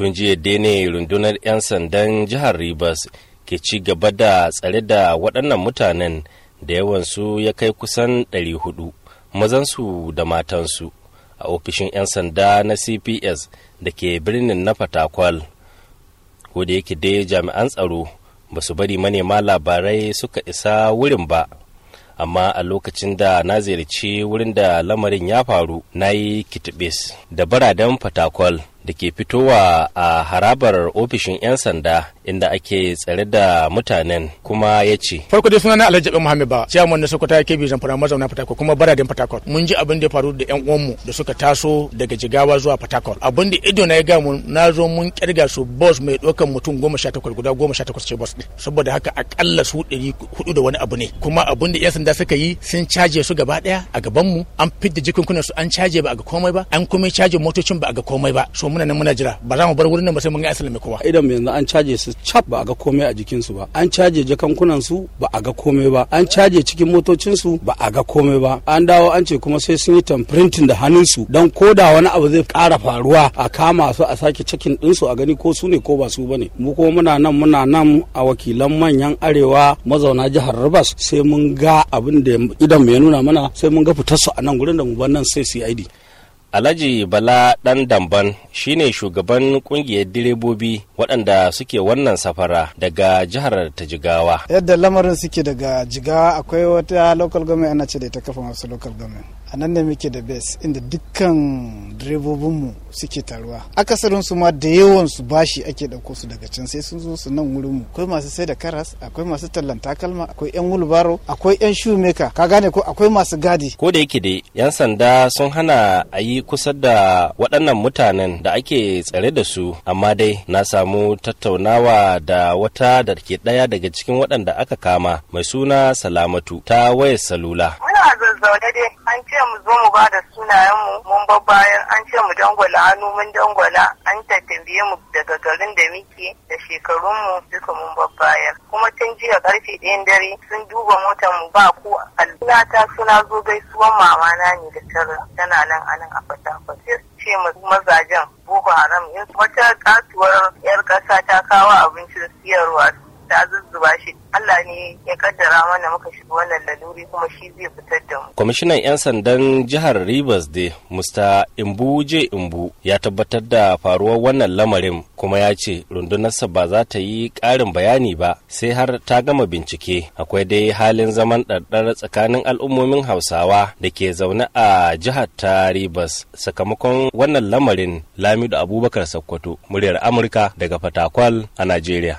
tun jiya dai ne rundunar 'yan sandan jihar rivers ke ci gaba da tsare da waɗannan mutanen da yawansu ya kai kusan 400 mazansu da matansu a ofishin 'yan sanda na cps da ke birnin na fatakwal da yake dai jami'an tsaro ba su bari manema labarai suka isa wurin ba amma a lokacin da na ziyarci wurin da lamarin ya faru na yi kitibis da baradan fatakwal da ke fitowa a harabar ofishin 'yan sanda inda ake tsare da mutanen kuma ya ce. Farko dai sunana Alhaji Abin Muhammad ba, ciyaman na Sokoto ya kebi zamfara mazauna Fatakot kuma baradin Fatakot. Mun ji abin da ya faru da 'yan uwanmu da suka taso daga Jigawa zuwa Fatakot. Abin da ido na ya ga mu na zo mun kirga su bus mai ɗaukan mutum goma sha takwas guda goma sha takwas ce bus ɗin. Saboda haka akalla su ɗari hudu da wani abu ne. Kuma abin da 'yan sanda suka yi sun caje su gaba ɗaya a gaban mu an fidda jikunkunan su an caje ba a ga komai ba an kuma caje motocin ba a ga komai ba. So muna nan muna jira ba za mu bar wurin nan ba sai mun ga asalin kowa idan yanzu an caje su cap ba a ga komai a jikin su ba an caje jakankunan su ba a ga komai ba an caje cikin motocin su ba a ga komai ba an dawo an ce kuma sai sun yi tamprintin da hannun su dan da wani abu zai kara faruwa a kama su a sake cikin din su a gani ko su ne ko ba su bane mu ko muna nan muna nan a wakilan manyan arewa mazauna jihar Rivers sai mun ga abin da idan ya nuna mana sai mun ga fitar su a nan gurin da mu ban nan sai CID Alhaji Bala ɗan Damban shine shugaban ƙungiyar direbobi waɗanda suke wannan safara daga jihar ta jigawa yadda lamarin suke daga jigawa akwai wata local government ana ce da ita kafa masu local government a nan ne muke da base inda dukkan direbobinmu suke taruwa akasarin su ma da yawan su bashi ake ɗauko su daga can sai sun zo su nan wurin mu akwai masu sai karas akwai masu tallan takalma akwai yan wulbaro akwai yan shoemaker ka gane ko akwai masu gadi ko da yake dai yan sanda sun hana a yi kusa da waɗannan mutanen da ake tsare da su amma dai na samu samu tattaunawa da wata da ke ɗaya daga cikin waɗanda aka kama mai suna Salamatu ta wayar salula. Muna zazzaune dai an ce mu zo mu ba da sunayenmu mun bayan an ce mu dangwala hannu mun dangwala an tattambiye mu daga garin da muke da shekarunmu duka mun bayan kuma tun jiya karfe ɗayan dare sun duba motar mu ba ko allura ta suna zo gaisuwan mamana ne da tara tana nan anan a fata. sai su ce mazajen boko haram in wata katuwar Kasa ta kawo abu ne ya kaddara mana muka shiga wannan laluri kuma shi zai fitar da mu. Kwamishinan 'yan sandan jihar Rivers dai Mr. Imbu J. Imbu ya tabbatar da faruwar wannan lamarin kuma ya ce rundunarsa ba za ta yi ƙarin bayani ba sai har ta gama bincike. Akwai dai halin zaman ɗarɗar tsakanin al'ummomin Hausawa da ke zaune a jihar ta Rivers sakamakon wannan lamarin Lamidu Abubakar Sokoto muryar Amurka daga Fatakwal a Najeriya.